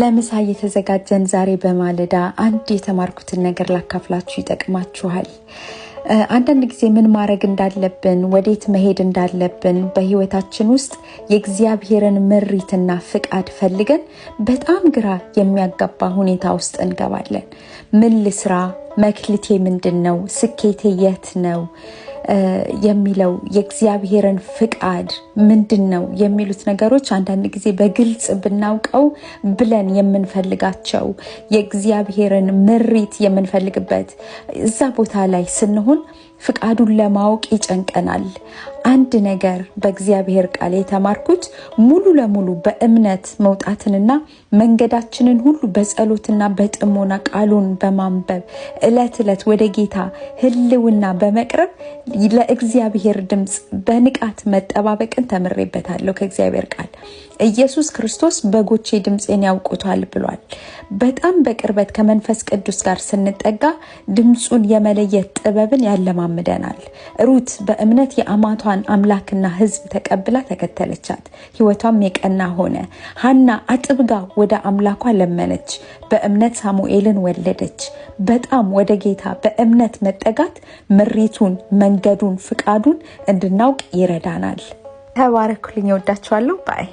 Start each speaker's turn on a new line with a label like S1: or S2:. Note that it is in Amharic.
S1: ለምሳ እየተዘጋጀን ዛሬ በማለዳ አንድ የተማርኩትን ነገር ላካፍላችሁ፣ ይጠቅማችኋል። አንዳንድ ጊዜ ምን ማድረግ እንዳለብን ወዴት መሄድ እንዳለብን በህይወታችን ውስጥ የእግዚአብሔርን ምሪትና ፍቃድ ፈልገን በጣም ግራ የሚያጋባ ሁኔታ ውስጥ እንገባለን። ምን ልስራ? መክሊቴ ምንድን ነው? ስኬቴ የት ነው? የሚለው የእግዚአብሔርን ፍቃድ ምንድን ነው የሚሉት ነገሮች አንዳንድ ጊዜ በግልጽ ብናውቀው ብለን የምንፈልጋቸው የእግዚአብሔርን ምሪት የምንፈልግበት እዛ ቦታ ላይ ስንሆን ፍቃዱን ለማወቅ ይጨንቀናል። አንድ ነገር በእግዚአብሔር ቃል የተማርኩት ሙሉ ለሙሉ በእምነት መውጣትንና መንገዳችንን ሁሉ በጸሎትና በጥሞና ቃሉን በማንበብ እለት ዕለት ወደ ጌታ ህልውና በመቅረብ ለእግዚአብሔር ድምፅ በንቃት መጠባበቅን ተምሬበታለሁ ከእግዚአብሔር ቃል። ኢየሱስ ክርስቶስ በጎቼ ድምፄን ያውቁቷል ብሏል። በጣም በቅርበት ከመንፈስ ቅዱስ ጋር ስንጠጋ ድምፁን የመለየት ጥበብን ያለማምደናል። ሩት በእምነት የአማቷን አምላክና ሕዝብ ተቀብላ ተከተለቻት። ሕይወቷም የቀና ሆነ። ሀና አጥብጋ ወደ አምላኳ ለመነች። በእምነት ሳሙኤልን ወለደች። በጣም ወደ ጌታ በእምነት መጠጋት ምሪቱን መንገዱን ፍቃዱን እንድናውቅ ይረዳናል።
S2: ተባረኩልኝ። እወዳችኋለሁ። ባይ